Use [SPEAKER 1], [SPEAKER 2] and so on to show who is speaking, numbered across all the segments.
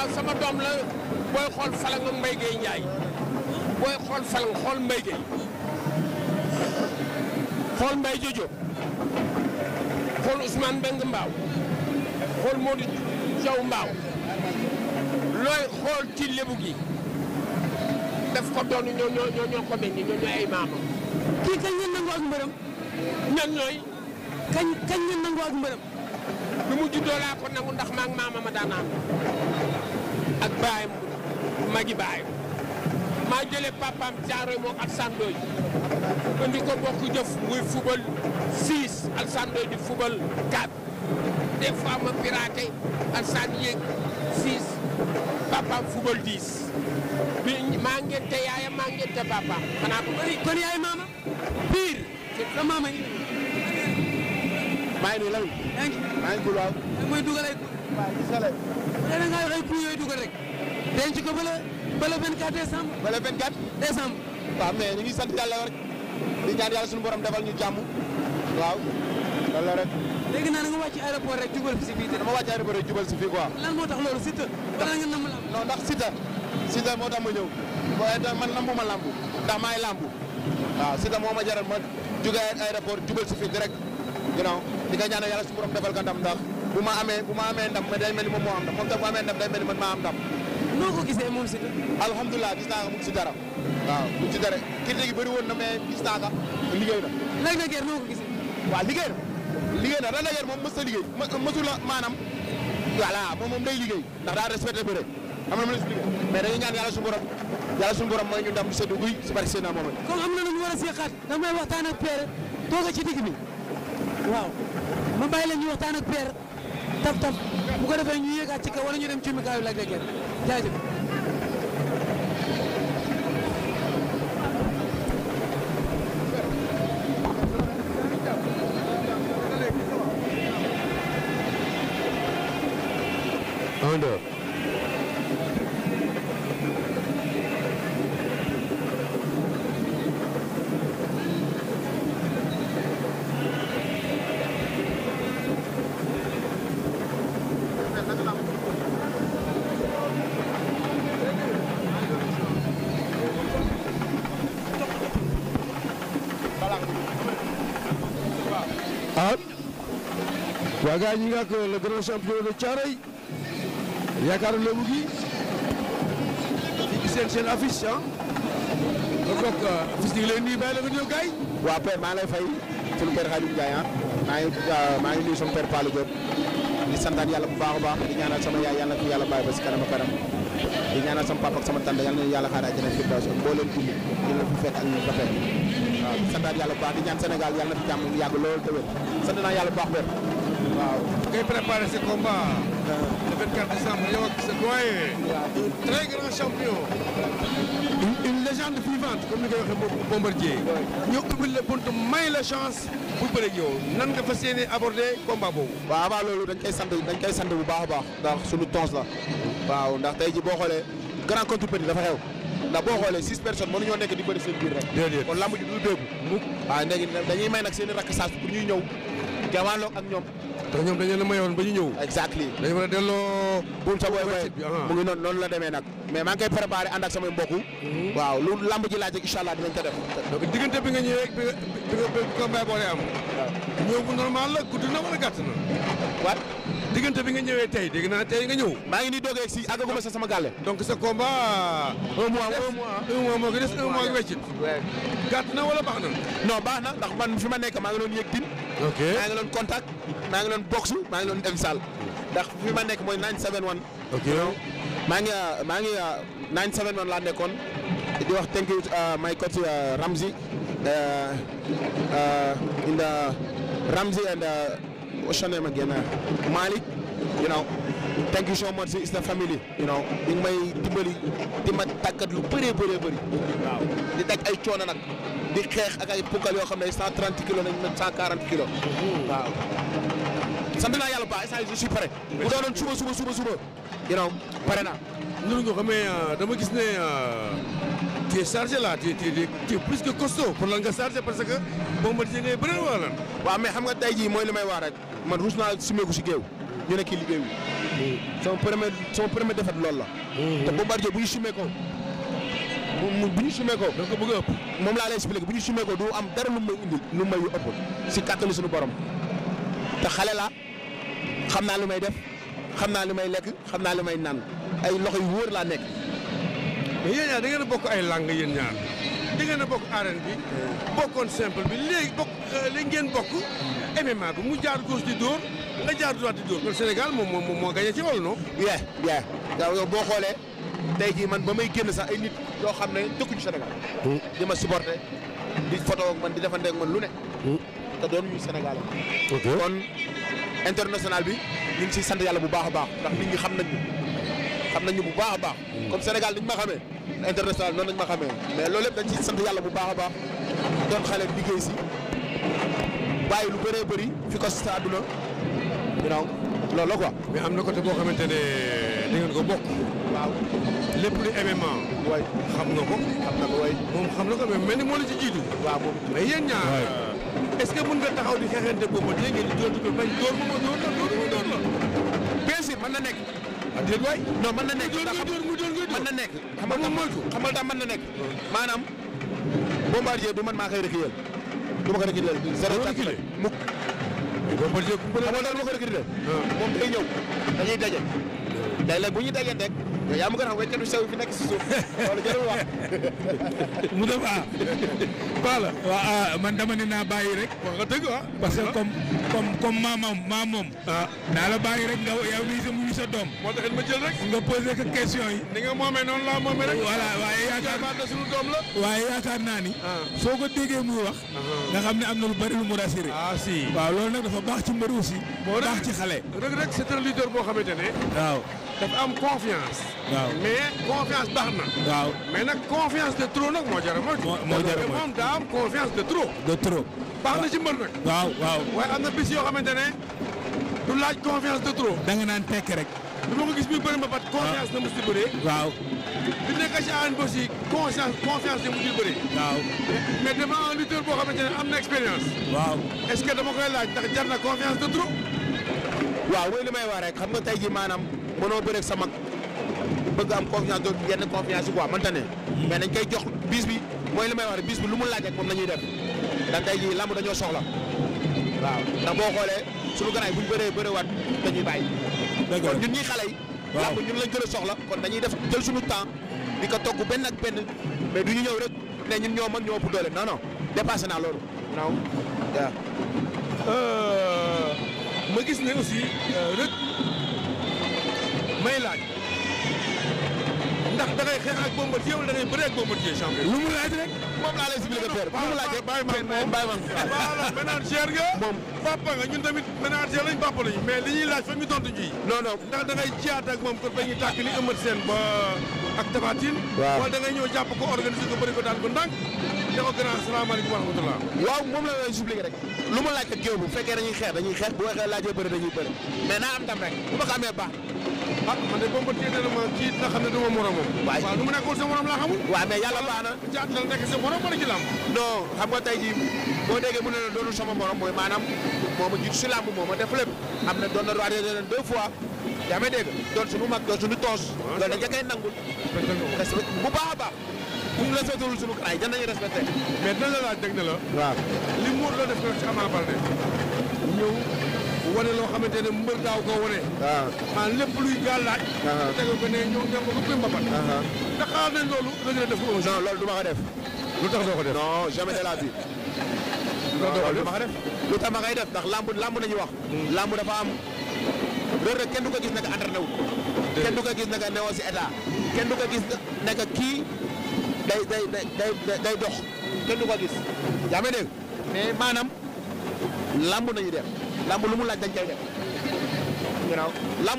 [SPEAKER 1] waaw sama doom la booy xool falang ak Mbaye Gueye booy xool falang xool Mbaye Gueye xool Mbaye Jojo xool Ousmane Mbeng Mbaaw xool Modou Diaw Mbaaw looy xool ci lébu gi daf ko doon ñoo ñoo ñoo ñoo ko meññ ñoo ñooy ay maamam. kii kañ ngeen nangoo ak mbërëm. ñan ñooy. kañ kañ ngeen nangoo ak mbërëm. bi mu juddoo nangu ndax maa ngi maama ma ak baayam magi baayam maa jëlee papaam Thiaroye moom ak Sandoy indi ko bokk jëf muy fubal 6 ak Sandoy di fubal 4 des fois ma piraté ak Sane yéeg 6 papaam fubal 10 maa ngente yaayam maa ngente papaam xanaa ko yaay maama pire la maama yi maa ngi nuyu lan. yaa dugal ay. waaw denc ko ba bala ba le 24 décembre. ba le 24. décembre. waaw mais ñu ngi sant yàlla rek di ñaan sunu suñu borom defal ñu jàmm waaw loolu la rek. léegi a nga wàcc aéroport rek jubal si fii te dama wàcc aéroport si fii quoi. lan moo tax loolu Siteu. wala nga namm lamb. non ndax Siteu Siteu moo tax ma ñëw lambu ma lambu ndax maay lambu waaw Siteu moo ma jaral ma jugee aéroport jubal si fii direct you know di nga ñaanal yàlla suñu borom defal ko ndam ndax bu ma amee bu ma day mel moom moo am ndam moom tam bu amee ndam day mel ni man maa am ndam. noo ko gisee moom Siteu. alhamdulilah gis naa ko mu ngi si dara. waaw mu ngi si dara critique yi bëri woon na mais gis naa ko liggéey na. Lac de ko gisee. waaw liggéey liggéey na Lac moom mës na liggéey mësul la maanaam voilà moom moom day liggéey ndax daal respecté bëre am na lu ma leen expliqué mais dañuy ñaan yàlla suñu borom yàlla suñu borom mooy ñu ndam seddu guy si barke Seydina Mohamed. comme am na lu ñu war a seexaat damay waxtaan ak père tooga ci digg bi waaw ma bàyyi leen ñu waxtaan ak père taf taf bu ko defee ñu yéegaat ci kaw wala ñu dem ci mikaay Lac de Guiers jaajëf un deux waa gars yi ñu ngi ak le grand champion de Thiaroye yaakaar lébu gi di gis seen seen affiche ah. kon donc affiche yi ngi lay nuyu bàyyi la nga ñëw gars yi. waaw maa ngi lay fay sunu père Khadim Ndiaye ah maa ngi maa sama père Pallou Diop di yàlla bu baax baax di ñaan sama yaay yàlla fi yàlla bàyyi ba si kanam ak kanam sama papa ak yàlla nañu yàlla xaaral jënd firdaws ak ñu ko yàlla bu baax di ñaan Sénégal yàlla na fi bu baax wér waaw ngay préparer ce combat. le 24 sa doyen. un très grand champion. une, une légende vivante comme ni koy waxee moom Bombardier. ñoo ubbil la bunt may la chance bu bëreeg yow nan nga fas yéene aborder combat boobu. waaw avant loolu dañ koy sant dañ koy sant bu baax a baax ndax sunu tons la. waaw ndax tey ji boo xoolee grand contre petit dafa xew. ndax boo xoolee six personnes mënuñoo nekk di bëri seen biir rek. déedéet kon lamb ji du dégg. waaw léegi dañuy may nag seen i rakk saas pour ñuy ñëw jaawaanloo ak ñoom. ndax ñoom dañu leen mayoon ba ñu ñëw. exactly dañu mën a delloo. buum sa booy booy mu ngi noonu noonu la demee nag. mais maa ngi koy préparé ànd ak samay mbokk. Mhm. waaw lu lamb ji laaj rek incha allah dinañ ko diggante bi nga ñëwee bi nga bi nga bi boole am. waaw ñëw bu normal la gudd na wala gàtt na. diggante bi nga ñëwee tey dégg naa tey nga ñëw. maa ngi nii doog a egg si sa sama gale donc sa combat. un mois un mois un mois moo ko des un mois nga weccit. gàtt na wala baax na. non baax na ndax man fi ma nekk maa ngi doon yëg din. maa ngi doon contact maa ngi doon boxe maa ngi loon dem salle. ndax fi ma nekk mooy 971. ok maa ngi maa ngi 971 uh, laa nekkoon di wax thank you uh, my coach uh, Ramzi in the Ramzi and what's your name again Malik you know thank you so much it's the family you know ñu may dimbali di ma tàggat lu bëree bëree bëri. waaw di daj ay coono nag. di xeex ak ay pukkal yoo xam ne 130 kilos nañ 140 kilos. waaw. sant naa yàlla bu baax instant je suis prêt. bu doonoon suba suba suba suba. you know pare naa. noonu euh, dama gis ne euh, tu es chargé là tu es tu es plus que costaud pour lan nga chargé parce que Bombardier xam nga tey jii mooy li may wax rek man ruus naa simeeku si géew ñu ne kii liggéey wi. sama premier sama premier défaite loolu la. Mm-hmm. te Bombardier bu ñu simee ko bu ñu sumee ko ko bëgg moom laa lay expliqué bu ñu sumee ko du am dara lu may indi lu may yu ëpp si kàttanu suñu borom te xale la xam naa lu may def xam naa lu may lekk xam naa lu may naan ay loxo yu wóor laa nekk. mais yéen ñaar da ngeen a bokk ay langues yéen ñaar da ngeen a bokk arène bi bokkoon simple bi léegi bokk euh, li ngeen bokk MMA bi mu jaar gauche di dóor nga jaar droite di dóor. loolu Sénégal moom moom moo gagné ci wàllu noonu. bien bien yow boo xoolee tey jii man ba may génn sax ay nit yoo xam ne dëkkuñu Sénégal. Hmm. di ma supporter di photo ak man di defante ak man lu ne. Hmm. te doon ñu Sénégalais. kon international bi ñu ngi si sant yàlla bu baax a baax ndax nit ñi xam nañ xam nañ ñu bu baax a baax. Hmm. comme Sénégal ni ñu ma xamee international noonu lañ ma xamee mais loolu yëpp dañ ciy sant yàlla bu baax a baax doon xale liggéey si bàyyi lu baree bari fi ko sa àdduna donc loolu mais am na côté boo xamante ne da ngeen ko bokk. waaw lépp lu MMA. waay xam nga ko. xam na ko waay moom xam na ko mais mel ni moo la ci jiitu. waaw moom mais yéen ñaar. est-ce que mën nga taxaw di xeexante boobu dégg ngeen di dóor di ko bañ dóor mu ma dóor la dóor mu dóor la bien sûr mën na nekk ah déet waay non mën na nekk mën na nekk xamal tam moytu xamal tam mën na nekk ah. maanaam bombardier du man maa koy reculer du ma ko reculer ah. zéro reculer mukk bombardier ku ko reculer ah. moom day ñëw dañuy daje léeg-léeg bu ñu daje rek yaa ma gën a xam weccatu sew fi mu dem ah. voilà man dama ne naa bàyyi rek. wax nga dëgg ah. parce que comme comme comme maamam maamam. ah naa la bàyyi rek nga yow mii sa muy sa doom. moo tax ma jël rek. nga posé ko question yi. ni nga moomee noonu laa moomee rek. voilà waaye yaakaar naa suñu la. waaye yaakaar naa ni. Ah. soo ko déggee muy wax. Ah. nga xam ne am na lu bari lu mu rassuré. Ah, si waaw loolu nag dafa baax ci mbër aussi. baax ci xale. rek rek c'est un leader boo xamante ne. waaw dafa am confiance. waaw mais confiance baax na. waaw mais nag confiance de trop nag moo jar a moytu. moo jar am confiance de de trop baax na ci mbër nag. waaw waaw waaye am na bis yoo xamante ne du laaj confiance de trop. da nga naan tekk rek. bi ma ko gis muy bëri ma bat ah. confiance na mu si bëree. waaw bi nekk ci ànd ba aussi conscience bëree. waaw mais dama un lutteur boo xamante ne am na expérience. waaw est-ce que dama koy laaj ndax jar na confiance de trop. waaw mooy li may wax rek xam nga tey jii maanaam mënoo bëreeg sa bëgg am confiance doon yenn confiance yi quoi mënta ne mais dañ koy jox bis bi mooy la may war rek bis bi lu mu laaj ak moom la ñuy def ndax tey jii lamb dañoo soxla waaw ndax boo xoolee suñu ganaay bu ñu bëree bëriwaat dañuy bàyyi kon ñun ñuy xale yi lamb ñun lañ gën a soxla kon dañuy def jël suñu temps di ko togg benn ak benn mais du ñu ñëw rek ne ñun ñoo mën ñoo ëpp doole non non dépassé naa loolu non euh, ma gis ne aussi euh, rek may laaj ndax dangay xeex ak Bombardier wala dangay bëre ak Bombardier champion. lu mu laaj rek moom laa lay expliqué père lu mu laaj rek. bàyyi ma bàyyi ma bàyyi ma. papa nga ñun tamit ménager lañ papa lañu mais li ñuy laaj fa ñu tontu ji. non non ndax da jiyaat ak moom kon fa ñuy tàkk li ëmbat seen ba ak tabatin. waaw wala ñëw jàpp ko organiser ko ko daan ko ndànk. ne ko grand salaamaaleykum wa rahmatulah. waaw moom la lay rek. lu ma laaj ak géew bu fekkee dañuy xeex dañuy xeex bu waxee laajee bëri dañuy bëri. mais naa am tam rek bu ma ko amee baax. ah xam ne dama moromam. waay na. xam nga tey boo déggee mu ne la doonul sama morom mooy maanaam moo ma jiitu si làmb moo ma def lépp am na doon na doon arrêté deux fois yaa ngi dégg doon suñu mag doon suñu toos. waaw ah, loolu dañ koy nangul. respecté bu baax a baax. bu ñu respecté wul suñu ay jan nañu respecté. mais dina la laaj la. waaw li muur loo def ci Ama Baldé ñëw wane loo xamante ne mbër daaw ko wane. waaw maanaam lépp luy gàllaaj. waaw tegu ko ne ñëw dem ba ba mbapat. ndax xaar nañ loolu. dina def ko loolu du ma ko def. doo ko def. lu tax ma koy def ndax lamb lamb nañu wax lamb dafa am Reug rek kenn du ko gis naka entraîné wu kenn du ko gis naka newoo si état kenn du ko gis naka kii day day day day dox kenn du ko gis yaa dégg mais maanaam lamb nañu def lamb lu mu laaj dañ koy def ginnaaw la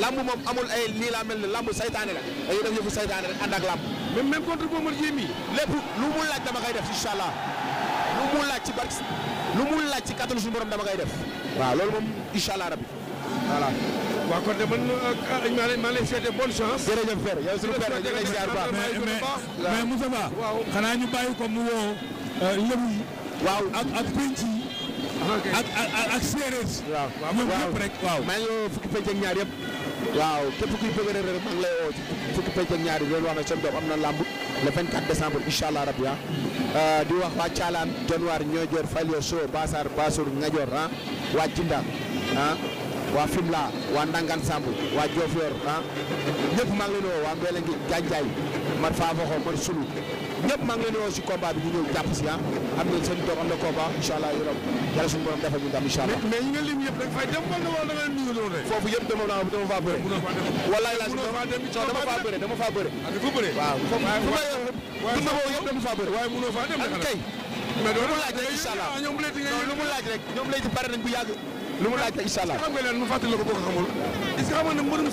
[SPEAKER 1] lamb moom amul ay lii laa mel ne lamb saytaane la dañuy def yëfu saytaane rek ànd ak lamb même même contre Bombardier mi lépp lu mu laaj dama koy def incha lu mu laaj ci barke lu mu laaj ci kàttanu suñu borom dama koy def waaw loolu moom incha allah rabbi voilà. waaw kon de man euh, maa lay maa lay souhaiter bonne chance. jërëjëf Père yow suñu Père dañu lay ziar bu baax mais mais mais Moussa Ba. waaw xanaa ñu bàyyi ko mu woo euh, lëbu yi. waaw ak ak penc yi. ak ak ak séeréer. waaw waaw ñoom ñëpp rek waaw. maa ngi fukki penc ak ñaar yëpp. waaw képp kuy bëgg Reug Reug maa ngi fukki pecc ñaari leen wax na seen doom am na làmb le 24 décembre incha allah rabbi ah euh, di wax waa Thialane Dionewar Niodior Falio Sow Basar Basour Ngadior ah waa Jinda ah. waa Fimela waa Ndangan Samb waa Diofior ah ñëpp maa leen woo waa Mbeelengi Gandiaye man faa fa xaw ma sunu ñëpp maa ngi leen di si combat bi ñu jàpp si ah am nañ seen doom am na combat incha allah yorob yàlla suñu borom defal ñu ndam incha mais ñi nga lim yëpp rek foofu yëpp dama faa bëre. walaay laa si dama faa bëre dama faa bëre. ah dafa dama faa bëre. waaye mënoo faa dem ak laaj rek ñoom laaj rek ñoom lay ci lu mu laaj ko incha mu fàttali la ko boo ko xamul est-ce que xam nga ne mbërum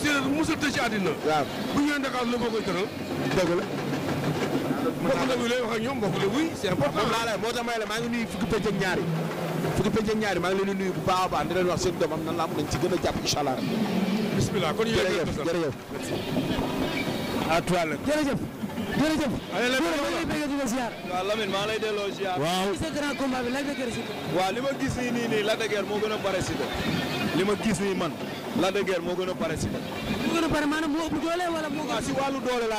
[SPEAKER 1] bu ñëwee Dakar la boo koy tëral dëgg la wuy lay wax moo tax may maa ngi nuyu fukki pëcc ak ñaari fukki pëcc ak maa ngi leen di nuyu bu baax a baax di leen wax seen doom am nan la am nañ ci gën a jàpp incha jërëjëf. waaw Lamine maa lay delloo ziar. waaw ci sa grand combat bi Lac de Guiers Siteu. waaw li ma gis nii nii nii Lac de Guiers moo gën a pare Siteu. li ma gis nii man Lac de Guiers moo gën a pare Siteu. moo gën a pare maanaam moo ëpp doole wala moo. waaw si wàllu doole laa